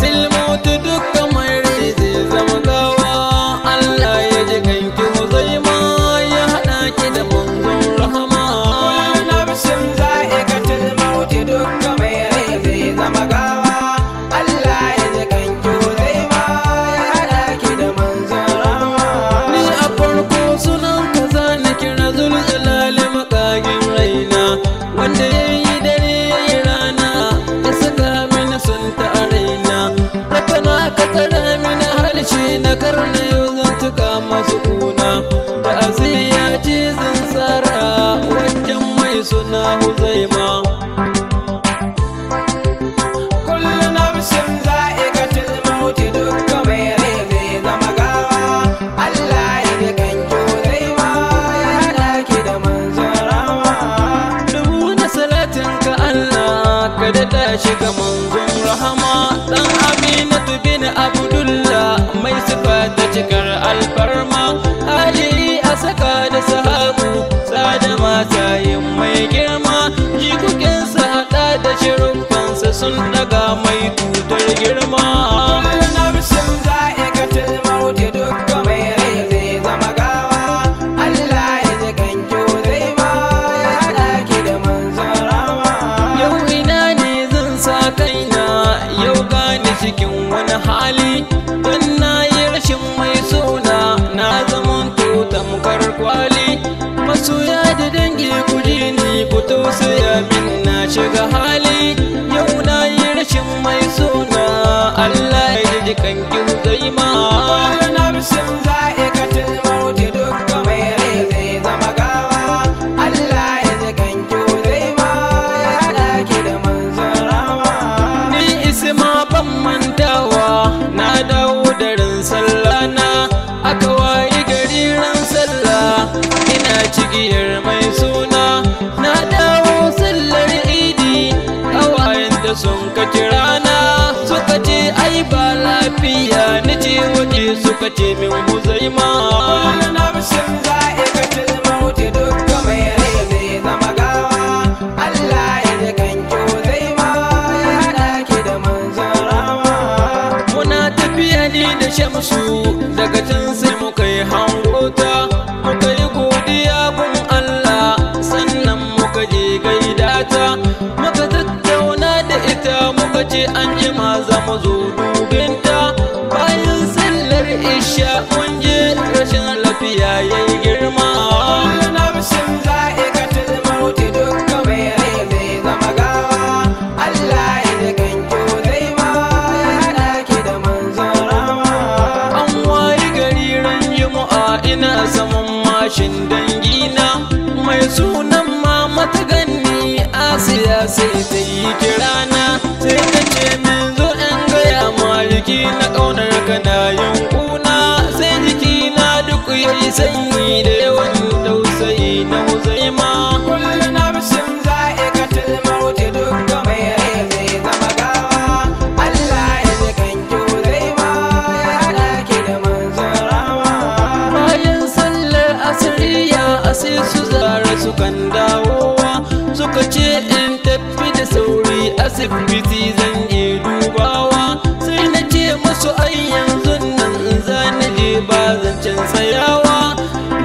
الم shiga ga manzon rahama dan aminatu bin abdullah mai sifa ta cikar alfarma ali a saka da sahabu sada mata yin mai girma jikukinsa haɗa da shirukansa sun daga mai cikin wani hali don yi rashin mai suna na zaman tutan kwarkwali kwali masoya da dangi kuji ni ku tausaya min na shiga hali yau na yi rashin mai suna Allah ya ji kankin zai ma lafiya ni ce waje suka ce min huzaima na bishin za'i ka ce mauti duk mai rai zai zama gawa Allah ya ji kanki huzaima ya haɗa da manzan rama muna tafiya ni da shamsu daga can sai muka yi hangota muka yi godiya gun Allah sannan muka je gaida ta muka tattauna da ita muka ce an za mu zo dubinta sai ta yi kirana sai ta ce min zo in gaya maliki na ƙaunar ka na yankuna sai jikina duk yayi sanyi cin zancen tsayawa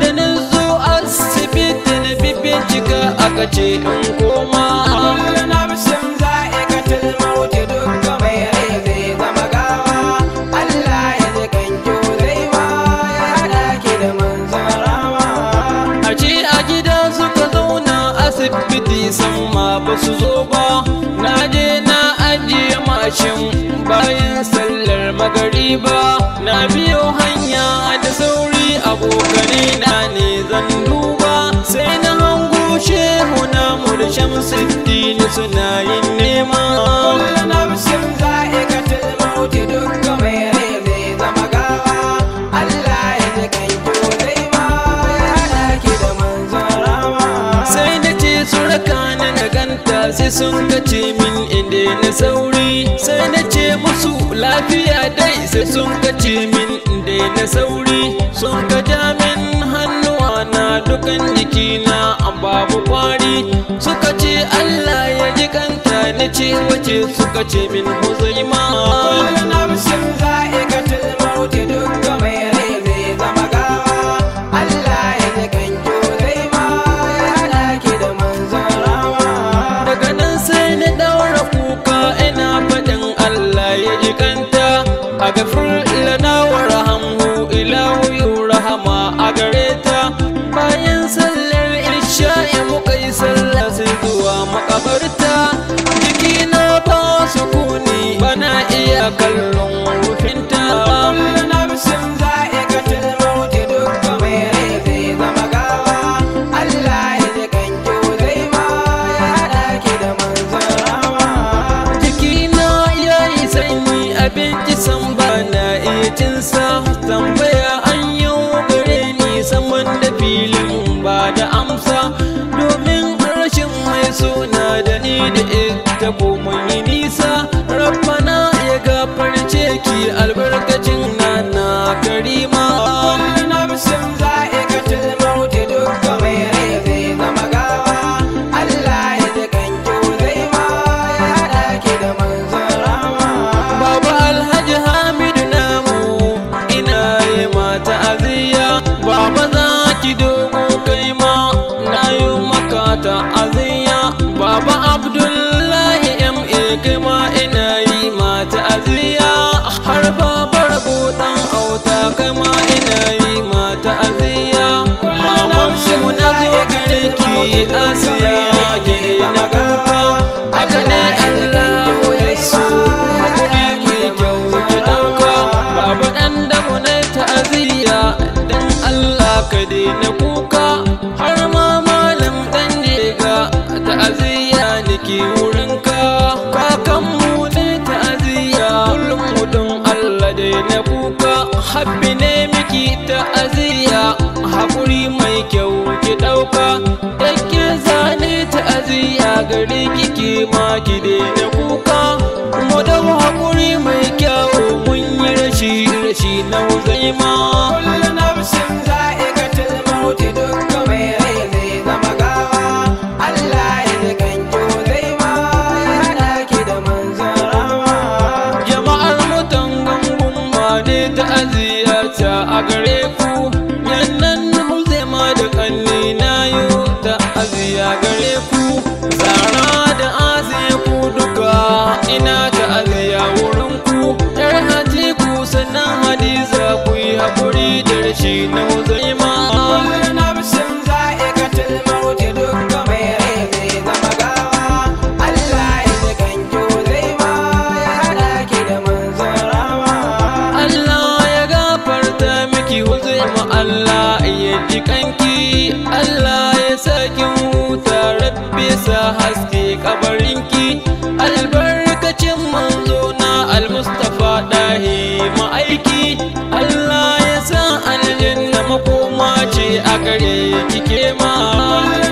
da na zo asibiti na fi bincika aka ce in koma na bisan za'ikatul mauti duk mai rai zai zama gawa Allah ya ji kanki zai ma ya hada ki da manzarawa a ce a gida suka zauna asibiti san ma ba su zo ba gari na biyo hanya da sauri abokanai na ne zan duba sai na hango shehu na murshen siddini suna yin nema na bishin za'ikatul mauti dukkan mai rai zai zama gawa Allah ya ji kai kodai ma ya haɗa da manzon sai da ce suraka na ganta sai sun gace min inda na sauri sai na ce musu lafiya dai sai sun kace min dai na sauri sun ka jamin hannuwa na dukan jikina babu kwari suka ce Allah ya ji kanta na ce wace suka ce min huzaima lana wa rahamu ilahu rahama a gare ta bayan sallar ya muka yi sallah sai zuwa makabarta jiki na ba su kuni bana iya kallon ki albarka gari kike ma ki daina kuka kuma da hakuri mai kyawu mun yi rashi rashi na zai ma kullu nafsin za'iqatul maut dukkan mai rai zai zama gawa Allah ya kanki zai ma hada ki da manzon rama jama'ar mutan gungun ma ne ta a gare ku knows a gare kike ma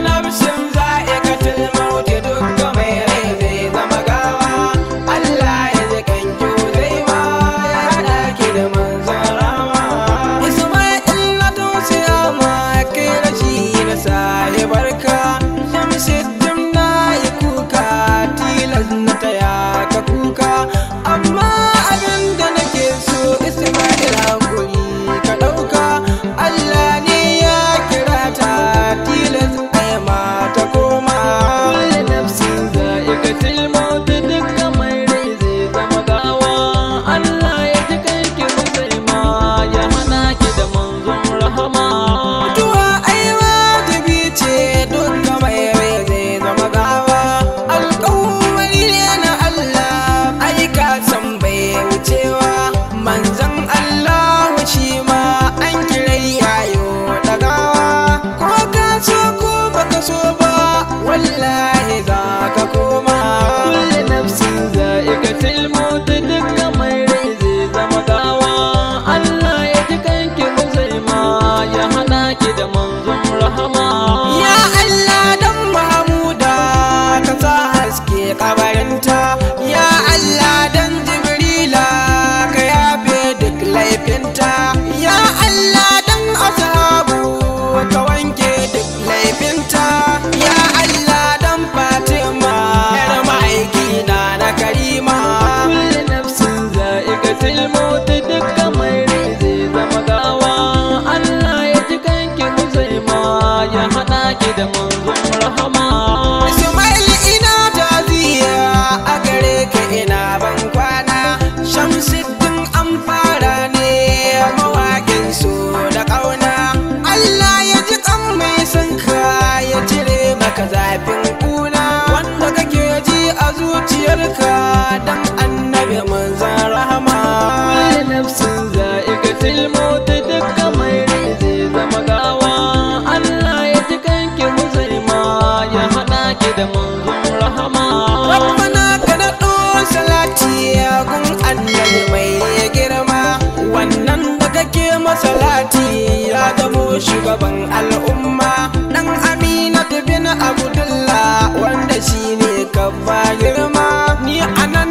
adam annabi manzan rahama nafsin za'iqatil maut dukkan mai zai zama gawa Allah ya ji kanki muzaima ya hada ki da manzon rahama rabbana kana do salati ya gun annabi mai girma wannan da kake masalati ya zamo shugaban al'umma dan aminatu bin abdullah wanda shine kabba girma ni anan